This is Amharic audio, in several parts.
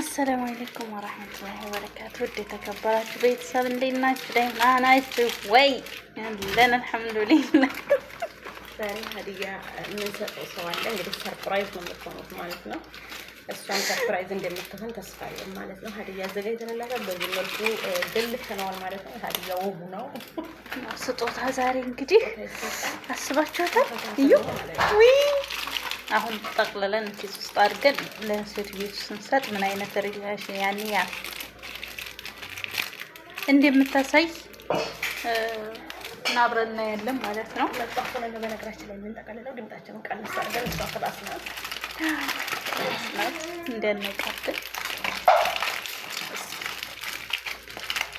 አሰላሙ አለይኩም ወራህመቱላሂ ወበረካቱ። ውድ የተከበራችሁ ቤተሰብ እንዴት ናችሁ? ደህና ናችሁ ወይ? ያለን አልሐምዱሊላህ። ዛሬ ሀዲያ የምንሰጠው ሰው አለ። እንግዲህ ሰርፕራይዝ ነው የምትሆኑት ማለት ነው። እሷም ሰርፕራይዝ እንደምትሆን ተስፋ አለን ማለት ነው። ሀዲያ አዘጋጅተንላታል። በዚህ መልኩ ገልተነዋል ማለት ነው። ሀዲያ ውቡ ነው ስጦታ። ዛሬ እንግዲህ አስባችሁታል እዩ አሁን ጠቅልለን ኪስ ውስጥ አድርገን ለሴት ቤቱ ስንሰጥ ምን አይነት ሪሌሽን ያኔ ያ እንደምታሳይ አብረን እናያለን ማለት ነው። በነገራችን ላይ የምንጠቀልለው ድምጣችንን ቀንስ አድርገን እሷ ፍላስ ናት እንደነቃብን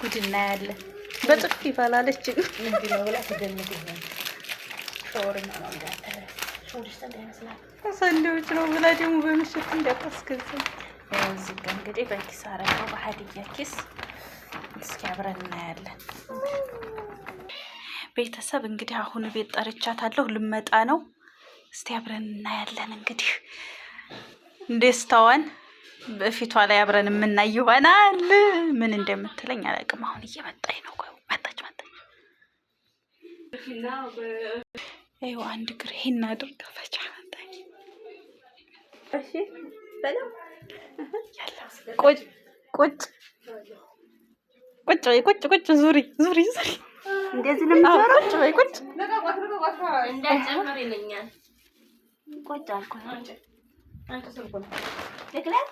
ጉድ እናያለን። በጥፍ ይባላለችን እንዲ ነው ብላ ትገምት ይሆን ሾርና ነው ሰንዴዎች ነው ብላ ደግሞ በምሽት እዚህ ጋ እንግዲህ በሀዲያ ኪስ። እስኪ አብረን እናያለን። ቤተሰብ እንግዲህ አሁን ቤት ጠርቻታለሁ፣ ልመጣ ነው። እስቲ አብረን እናያለን እንግዲህ ደስታዋን በፊቷ ላይ አብረን የምናይ ይሆናል። ምን እንደምትለኝ አላውቅም። አሁን እየመጣኝ ነው። መጣች መጣች ይኸው አንድ እግር ይሄን አድርጋ ፈጫ እሺ በለው ቁጭ ቁጭ ቁጭ በይ ቁጭ ቁጭ ዙሪ ዙሪ ዙሪ እንደዚህ ነው የምትዞረው። ቁጭ በይ ቁጭ እንዳጨምር ይለኛል። ቁጭ አልኩህ። ልግለጥ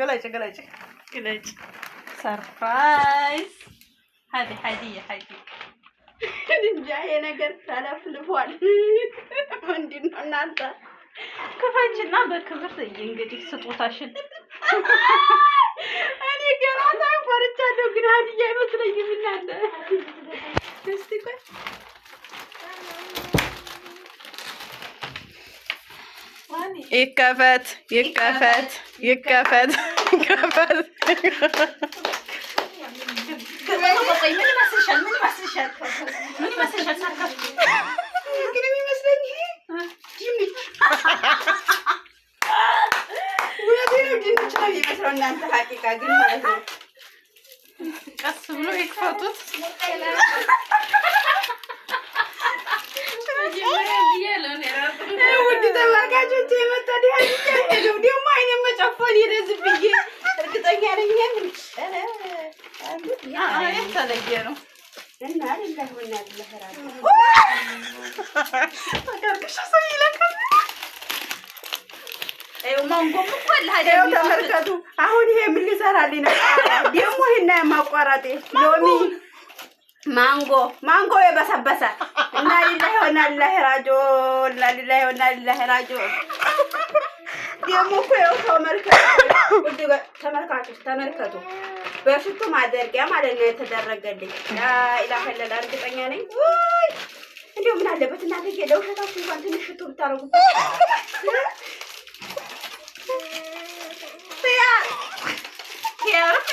ገላጭ ገላጭ ገላጭ ሰርፕራይዝ ሀዲ ሀዲ ሀዲ እንጃ ይሄ ነገር ተለፍልፏል። ምንድን ነው እናንተ ክፈችና በክብር እንግዲህ ስጦታሽን እኔ ገና ሳይሆን ፈርቻለሁ፣ ግን ሀዲያ አይመስለኝም። እናንተ እስቲ ቆይ ይከፈት ይከፈት ይከፈት ይከፈት ቆይ ምን ይመስልሻል? ምን ይመስልሻል? ምን ይመስልሻል? ግን የሚመስለኝ ጂሚ ውለቴ ነው። ድንች ነው የሚመስለው። እናንተ ሀቂቃ ግን ማለት ነው። ቀስ ብሎ ይክፈቱት። ውድ ተመልካቾች የመጣ ደግሞ አይኔ መጨፈን ይረዝብዬ እርግጠኛ ነኝ። የተለየ ነው። ተመልከቱ አሁን ይሄ ምን ሊሰራልኝ ነው? ደግሞ ይሄና የማቋራጤ ሎሚ ማንጎ ማንጎ የበሰበሰ እና ሊላሂ ወና ሊላሂ ራጂዑን እና ሊላሂ ወና ሊላሂ ራጂዑን ደግሞ እኮ ይኸው ተመልከቱ፣ ተመልካቾች ተመልከቱ በሽቱ ማደርጊያ ማለት ነው የተደረገልኝ። ላኢላሀለላ እርግጠኛ ነኝ። እንዲሁ ምን አለበት እናትዬ ለውሸታችሁ እንኳን ትንሽ ሽቱ ብታረጉ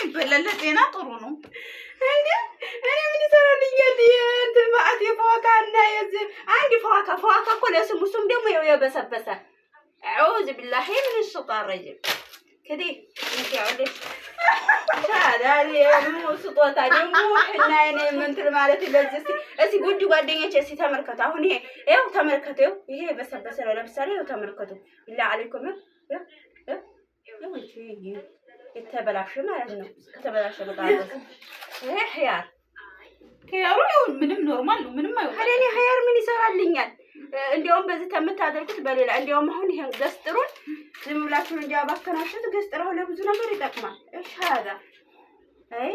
ይበላል። ጤና ጥሩ ነው። እኔ ምን ይሰራልኛል? እንትን መዓት የፈዋካ እና የዚ አንድ ፈዋካ ፈዋካ እኮ ለስሙ እሱም ደግሞ ይኸው የበሰበሰ አዑዝ ቢላሂ ምን ሸይጣን ረጂም ከዲ እንት ያውልሽ ስጦታ ደግሞ እና አይነ የምንትል ማለት በዚህ እስኪ እስኪ ጉድ ጓደኞቼ እስኪ ተመልከቱ። አሁን ይሄ ይኸው ተመልከቱ፣ ይሄ የበሰበሰ ነው። ለምሳሌ ይኸው ተመልከቱ። ላ አለይኩም የተበላሸ ማለት ነው። የተበላሸ ይሄ ህያር ህያሩ ይሁን ምንም ኖርማል ነው። ምንም አይሆን። እኔ ምን ይሰራልኛል? እንዲያውም በዚህ ተምታደርጉት በሌላ እንዲያውም አሁን ይሄን ገስጥሩ ዝም ብላችሁ እንጂ አባከናችሁት። ገጽ ጥራው ለብዙ ነገር ይጠቅማል። እሺ አዳ አይ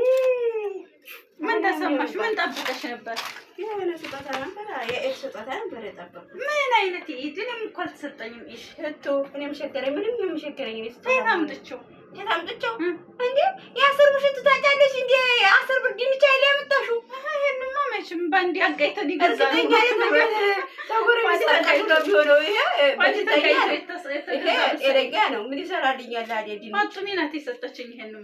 ምን ተሰማሽ? ምን ጠብቀሽ ነበር? የሆነ ስጦታ ነበር፣ የኤድ ስጦታ ነበር የጠበቅኩት። ምን አይነት የኤድ? እኔም እኮ አልተሰጠኝም። ኤድ እቱ እኔም ሸገረኝ። ምንም የምሸገረኝ ስጦታ ታምጥቸው ታምጥቸው እንዴ! የአስር ብር ሽቱ ታጫለሽ እንዴ? አስር ብር ድንቻ ላይ ያመጣሹ? ይሄንማ መቼም ባንዲ አጋይተን ይገዛል። ተጎረ ሚስ ተጋይቶ ቢሆነው ይሄ ባንዲ ተጋይቶ ጤነኛ ነው። ምን ይሰራልኛል? ዲማጡሚ ናት የሰጠችኝ። ይሄን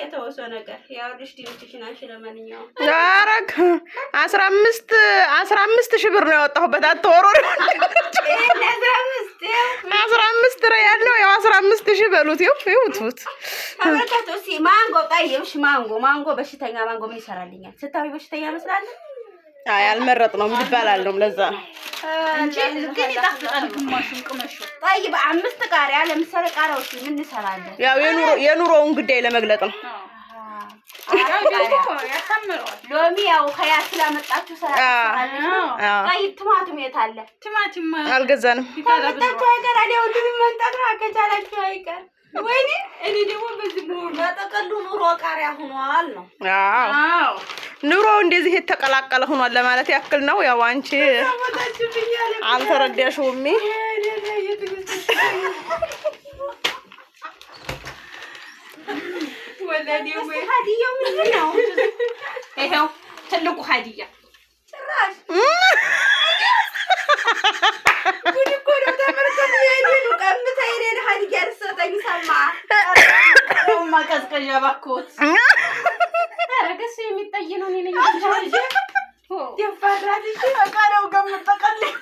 የተወሰ ነገር ያልሽ ዲምችሽን አንቺ። ለማንኛውም ዛረግ አስራ አምስት ሺህ ብር ነው ያወጣሁበት። አትወሩር አስራ አምስት ረ ያለው ያው አስራ አምስት ሺህ በሉት። ይው ይውቱት ማንጎ ቀይብሽ ማንጎ ማንጎ በሽተኛ ማንጎ ምን ይሰራልኛል? ስታዊ በሽተኛ መስላለን አይ አልመረጥ ነው ለዛ በአምስት ቃሪያ ለምሳሌ ቃሪያዎች የኑሮውን ጉዳይ ለመግለጥ ነው። ሎሚ ያው ከያ ስላመጣችሁ ሰራ ጣይ የት አለ? ቲማቲም አልገዛንም። ታጣችሁ አይቀር አለ ወንድም መንጣት ነው አከቻላችሁ አይቀር ወይኔ እኔ ደግሞ በዚህ በጠቀሉ ኑሮ ቃሪያ ሆኗል ነው። አዎ ኑሮ እንደዚህ የተቀላቀለ ሆኗል ለማለት ያክል ነው። ያው አንቺ አልተረዳሽውም። ይኸው ትልቁ ሀዲያ ማቀዝቀዣ እባክዎት። ረገስ ገሱ የሚጠይ ነው። እኔ ነኝ ደፋራት እ በቃሪያው ገምጠቀል ቆይልኝ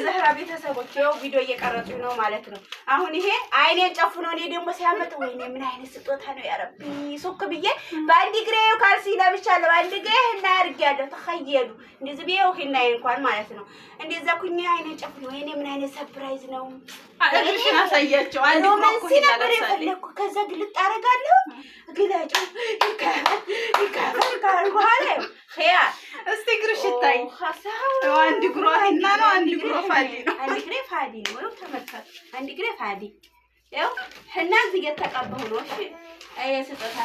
የዘህራ ቤተሰቦች ይኸው ቪዲዮ እየቀረጹ ነው ማለት ነው። አሁን ይሄ አይኔን ጨፍኖ እኔ ደግሞ ሲያመጥ ወይኔ ምን አይነት ስጦታ ነው ያረቢ ሱክ ብዬ በአንድ ግሬ ካልሲ ለብቻለሁ፣ በአንድ ግሬ ህና ያድርጊያለሁ። ተኸየሉ እንደዚህ ብዬ ውህና እንኳን ማለት ነው እንደዛ ኩኝ አይኔን ጨፍኖ ወይኔ ምን አይነት ሰፕራይዝ ነው። እግርሽን ነበር የፈለግኩ። ከዛ ግልጥ አደርጋለሁ ግለጫ ይከፈል ይከፈል ካልበኋላ እስቲ እግርሽ ይታይ። አንድ እግሯ ሂና ነው፣ አንድ እግሯ ፋዲ ነው። አንድ እግሬ ፋዲ ነው። ይኸው ተመልከቱ፣ አንድ እግሬ ፋዲ። ይኸው ሂና እዚህ እየተቀባሁ ነው። እሺ ስጦታ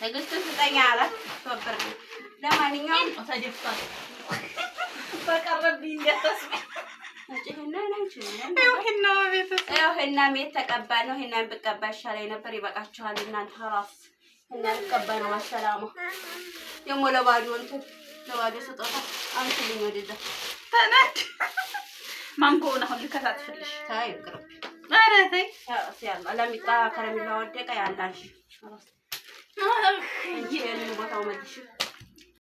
ትዕግስት ስጠኝ አላት። ተወበር ለማንኛውም ተደፍቷል። በቀረብኝ እንደተስቢ ሂና ቤተሰብ ሂናም የተቀባ ነው። ሂናም ብቀባ ይሻለኝ ነበር። ይበቃችኋል እናንተ ሀላስ እና ያልቀባይ ደግሞ ለባዶ እንትን ለባዶ ስጦታ አንቺልኝ ወደዛ ተነድ ማንጎውን አሁን ልከታትፍልሽ። ተይ ቅርብ ኧረ ተይ ለሚጣ ከረሜላ ወደቀ ያላንሽ ቦታው መልሽ